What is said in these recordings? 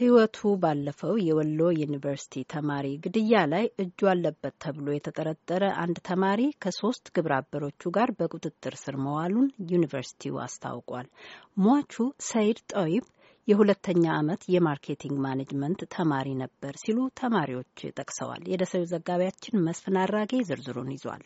ህይወቱ ባለፈው የወሎ ዩኒቨርሲቲ ተማሪ ግድያ ላይ እጁ አለበት ተብሎ የተጠረጠረ አንድ ተማሪ ከሶስት ግብረ አበሮቹ ጋር በቁጥጥር ስር መዋሉን ዩኒቨርሲቲው አስታውቋል። ሟቹ ሰይድ ጠይብ የሁለተኛ ዓመት የማርኬቲንግ ማኔጅመንት ተማሪ ነበር ሲሉ ተማሪዎች ጠቅሰዋል። የደሴው ዘጋቢያችን መስፍን አራጌ ዝርዝሩን ይዟል።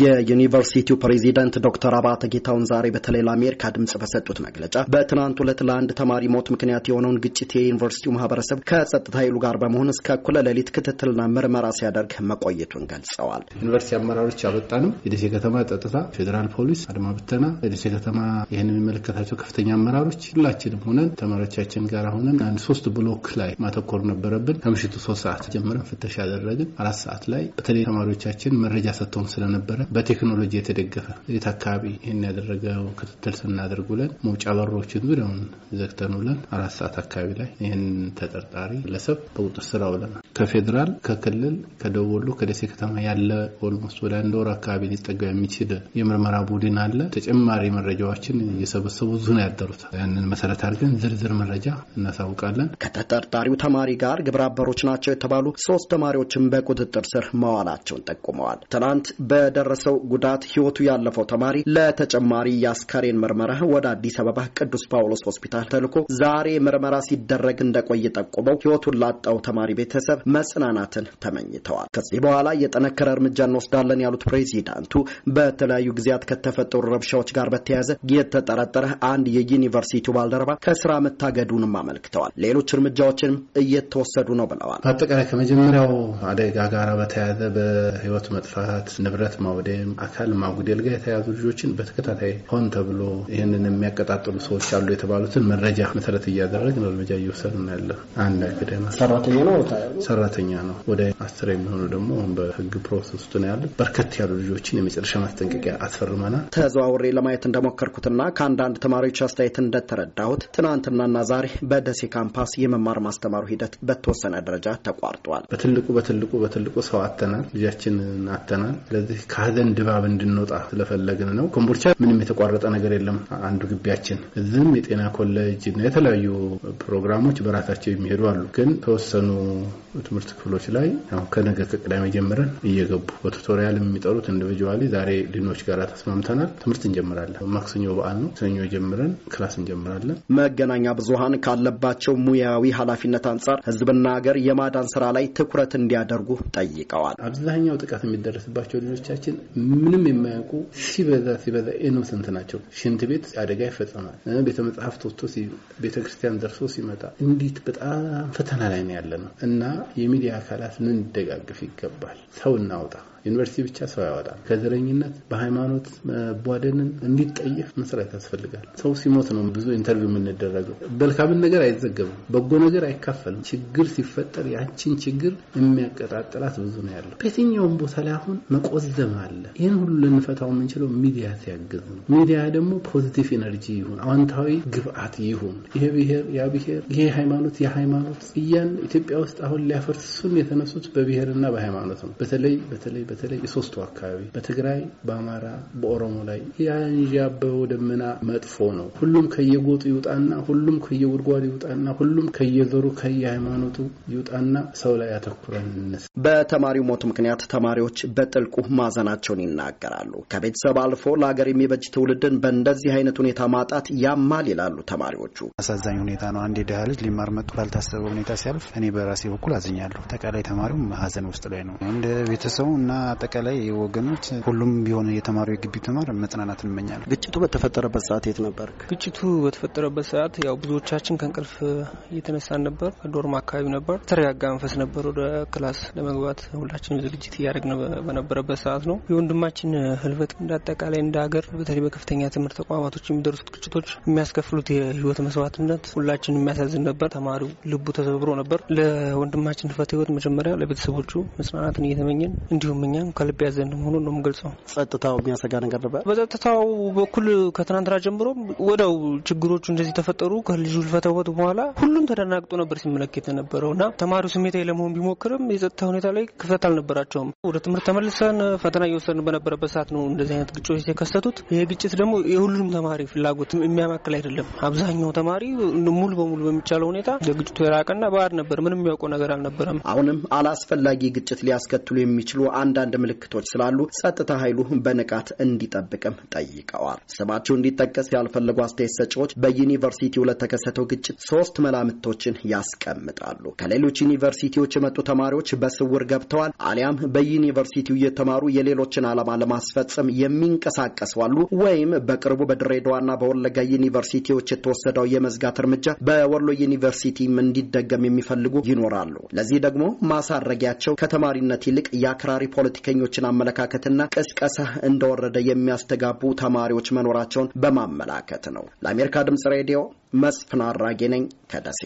የዩኒቨርሲቲው ፕሬዚደንት ዶክተር አባተ ጌታውን ዛሬ በተለይ ለአሜሪካ ድምጽ በሰጡት መግለጫ በትናንት ዕለት ለአንድ ተማሪ ሞት ምክንያት የሆነውን ግጭት የዩኒቨርሲቲው ማህበረሰብ ከጸጥታ ኃይሉ ጋር በመሆን እስከ እኩለ ሌሊት ክትትልና ምርመራ ሲያደርግ መቆየቱን ገልጸዋል። ዩኒቨርሲቲ አመራሮች ያበጣንም የደሴ ከተማ ጸጥታ፣ ፌዴራል ፖሊስ፣ አድማ ብተና፣ የደሴ ከተማ ይህን የሚመለከታቸው ከፍተኛ አመራሮች ሁላችንም ሆነን ተማሪዎቻችን ጋር ሆነን አንድ ሶስት ብሎክ ላይ ማተኮር ነበረብን። ከምሽቱ ሶስት ሰዓት ጀምረን ፍተሻ ያደረግን አራት ሰዓት ላይ በተለይ ተማሪዎቻችን መረጃ ሰጥተውን ስለነበረ አለ። በቴክኖሎጂ የተደገፈ የት አካባቢ ይህን ያደረገው ክትትል ስናደርግ ውለን መውጫ በሮችን ዙሪያውን ዘግተን ውለን አራት ሰዓት አካባቢ ላይ ይህን ተጠርጣሪ ግለሰብ በቁጥር ስራ ውለናል። ከፌዴራል ከክልል ከደቡብ ወሎ ከደሴ ከተማ ያለ ኦልሞስት ወደ አንድ ወር አካባቢ ሊጠጋ የሚችል የምርመራ ቡድን አለ። ተጨማሪ መረጃዎችን እየሰበሰቡ ዙ ነው ያደሩት። ያንን መሰረት አድርገን ዝርዝር መረጃ እናሳውቃለን። ከተጠርጣሪው ተማሪ ጋር ግብረ አበሮች ናቸው የተባሉ ሶስት ተማሪዎችን በቁጥጥር ስር መዋላቸውን ጠቁመዋል። ትናንት በደረ በደረሰው ጉዳት ህይወቱ ያለፈው ተማሪ ለተጨማሪ የአስከሬን ምርመራ ወደ አዲስ አበባ ቅዱስ ጳውሎስ ሆስፒታል ተልኮ ዛሬ ምርመራ ሲደረግ እንደቆየ ጠቁመው ህይወቱን ላጣው ተማሪ ቤተሰብ መጽናናትን ተመኝተዋል። ከዚህ በኋላ የጠነከረ እርምጃ እንወስዳለን ያሉት ፕሬዚዳንቱ በተለያዩ ጊዜያት ከተፈጠሩ ረብሻዎች ጋር በተያያዘ የተጠረጠረ አንድ የዩኒቨርሲቲው ባልደረባ ከስራ መታገዱንም አመልክተዋል። ሌሎች እርምጃዎችንም እየተወሰዱ ነው ብለዋል። አጠቃላይ ከመጀመሪያው አደጋ ጋር በተያያዘ በህይወት መጥፋት ንብረት ማ ወይም አካል ማጉደል ጋር የተያዙ ልጆችን በተከታታይ ሆን ተብሎ ይህንን የሚያቀጣጥሉ ሰዎች አሉ የተባሉትን መረጃ መሰረት እያደረግን እርምጃ እየወሰድን ያለ አንድ ገደማ ሰራተኛ ነው ሰራተኛ ነው። ወደ አስር የሚሆኑ ደግሞ በህግ ፕሮሰስ ውስጥ ነው ያሉት። በርከት ያሉ ልጆችን የመጨረሻ ማስጠንቀቂያ አስፈርመናል። ተዘዋውሬ ለማየት እንደሞከርኩትና ከአንዳንድ ተማሪዎች አስተያየት እንደተረዳሁት ትናንትናና ዛሬ በደሴ ካምፓስ የመማር ማስተማሩ ሂደት በተወሰነ ደረጃ ተቋርጧል። በትልቁ በትልቁ በትልቁ ሰው አተናል፣ ልጃችንን አተናል። ስለዚህ ከሀዘን ድባብ እንድንወጣ ስለፈለግን ነው። ኮምቦልቻ ምንም የተቋረጠ ነገር የለም። አንዱ ግቢያችን እዚህም የጤና ኮሌጅ እና የተለያዩ ፕሮግራሞች በራሳቸው የሚሄዱ አሉ። ግን ተወሰኑ ትምህርት ክፍሎች ላይ ከነገ ከቅዳሜ ጀምረን እየገቡ በቱቶሪያል የሚጠሩት ኢንዲቪጁዋሊ ዛሬ ዲኖች ጋር ተስማምተናል። ትምህርት እንጀምራለን። ማክሰኞ በዓል ነው። ሰኞ ጀምረን ክላስ እንጀምራለን። መገናኛ ብዙሀን ካለባቸው ሙያዊ ኃላፊነት አንጻር ህዝብና ሀገር የማዳን ስራ ላይ ትኩረት እንዲያደርጉ ጠይቀዋል። አብዛኛው ጥቃት የሚደረስባቸው ልጆቻችን ሀገራችን ምንም የማያውቁ ሲበዛ ሲበዛ ኢኖሰንት ናቸው። ሽንት ቤት አደጋ ይፈጸማል። ቤተ መጽሐፍት ወጥቶ ቤተክርስቲያን ደርሶ ሲመጣ እንዴት በጣም ፈተና ላይ ነው ያለ ነው እና የሚዲያ አካላት ልንደጋግፍ ይገባል። ሰው እናውጣ። ዩኒቨርሲቲ ብቻ ሰው ያወጣል። ከዘረኝነት በሃይማኖት መቧደንን እንዲጠየፍ መስራት ያስፈልጋል። ሰው ሲሞት ነው ብዙ ኢንተርቪው የምንደረገው። መልካምን ነገር አይዘገብም፣ በጎ ነገር አይካፈልም። ችግር ሲፈጠር ያችን ችግር የሚያቀጣጥላት ብዙ ነው ያለው። በየትኛውም ቦታ ላይ አሁን መቆዘም አለ። ይህን ሁሉ ልንፈታው የምንችለው ሚዲያ ሲያግዝ ነው። ሚዲያ ደግሞ ፖዚቲቭ ኤነርጂ ይሁን፣ አዎንታዊ ግብአት ይሁን። ይሄ ብሄር፣ ያ ብሄር፣ ይሄ ሃይማኖት ያ ሃይማኖት እያን ኢትዮጵያ ውስጥ አሁን ሊያፈርሱን የተነሱት በብሔርና በሃይማኖት ነው። በተለይ በተለይ በተለይ የሶስቱ አካባቢ በትግራይ በአማራ በኦሮሞ ላይ ያንዣበበው ደመና መጥፎ ነው። ሁሉም ከየጎጡ ይውጣና ሁሉም ከየጉድጓዱ ይውጣና ሁሉም ከየዘሩ ከየሃይማኖቱ ይውጣና ሰው ላይ ያተኩረን በተማሪው ሞት ምክንያት ተማሪዎች በጥልቁ ማዘናቸውን ይናገራሉ። ከቤተሰብ አልፎ ለሀገር የሚበጅ ትውልድን በእንደዚህ አይነት ሁኔታ ማጣት ያማል ይላሉ ተማሪዎቹ። አሳዛኝ ሁኔታ ነው። አንድ የድሃ ልጅ ሊማር መጡ ባልታሰበ ሁኔታ ሲያልፍ እኔ በራሴ በኩል አዝኛለሁ። አጠቃላይ ተማሪውም ሀዘን ውስጥ ላይ ነው እንደ ቤተሰቡ እና አጠቃላይ ወገኖች ሁሉም ቢሆን የተማሪ የግቢ ተማር መጽናናት እንመኛለን። ግጭቱ በተፈጠረበት ሰዓት የት ነበር? ግጭቱ በተፈጠረበት ሰዓት ያው ብዙዎቻችን ከእንቅልፍ እየተነሳን ነበር። ዶርም አካባቢ ነበር። የተረጋጋ መንፈስ ነበር። ወደ ክላስ ለመግባት ሁላችንም ዝግጅት እያደረግን በነበረበት ሰዓት ነው የወንድማችን ህልፈት። እንደ አጠቃላይ እንደ ሀገር በተለይ በከፍተኛ ትምህርት ተቋማቶች የሚደርሱት ግጭቶች የሚያስከፍሉት የህይወት መስዋዕትነት ሁላችን የሚያሳዝን ነበር። ተማሪው ልቡ ተሰብሮ ነበር። ለወንድማችን ህልፈት ህይወት መጀመሪያ ለቤተሰቦቹ መጽናናትን እየተመኘን እንዲሁም ስለተሰማኛም ከልብ ያዘን መሆኑን ነው የምገልጸው። ጸጥታው የሚያሰጋ ነገር ነበር። በጸጥታው በኩል ከትናንትና ጀምሮ ወደው ችግሮቹ እንደዚህ ተፈጠሩ። ከልጁ ልፈተወት በኋላ ሁሉም ተደናግጦ ነበር ሲመለከት የነበረው እና ተማሪው ስሜታዊ ለመሆን ቢሞክርም የጸጥታ ሁኔታ ላይ ክፍተት አልነበራቸውም። ወደ ትምህርት ተመልሰን ፈተና እየወሰድን በነበረበት ሰዓት ነው እንደዚህ አይነት ግጭቶች የተከሰቱት። ይህ ግጭት ደግሞ የሁሉም ተማሪ ፍላጎት የሚያማክል አይደለም። አብዛኛው ተማሪ ሙሉ በሙሉ በሚቻለው ሁኔታ ለግጭቱ የራቀና ባህር ነበር። ምንም የሚያውቀው ነገር አልነበረም። አሁንም አላስፈላጊ ግጭት ሊያስከትሉ የሚችሉ አንዳንድ አንዳንድ ምልክቶች ስላሉ ጸጥታ ኃይሉ በንቃት እንዲጠብቅም ጠይቀዋል። ስማቸው እንዲጠቀስ ያልፈለጉ አስተያየት ሰጪዎች በዩኒቨርሲቲው ለተከሰተው ግጭት ሶስት መላምቶችን ያስቀምጣሉ። ከሌሎች ዩኒቨርሲቲዎች የመጡ ተማሪዎች በስውር ገብተዋል፣ አሊያም በዩኒቨርሲቲው እየተማሩ የሌሎችን ዓላማ ለማስፈጸም የሚንቀሳቀሱ አሉ፣ ወይም በቅርቡ በድሬዳዋና በወለጋ ዩኒቨርሲቲዎች የተወሰደው የመዝጋት እርምጃ በወሎ ዩኒቨርሲቲም እንዲደገም የሚፈልጉ ይኖራሉ። ለዚህ ደግሞ ማሳረጊያቸው ከተማሪነት ይልቅ የአክራሪ ፖለቲ የፖለቲከኞችን አመለካከትና ቅስቀሳ እንደወረደ የሚያስተጋቡ ተማሪዎች መኖራቸውን በማመላከት ነው። ለአሜሪካ ድምጽ ሬዲዮ መስፍን አራጌ ነኝ ከደሴ።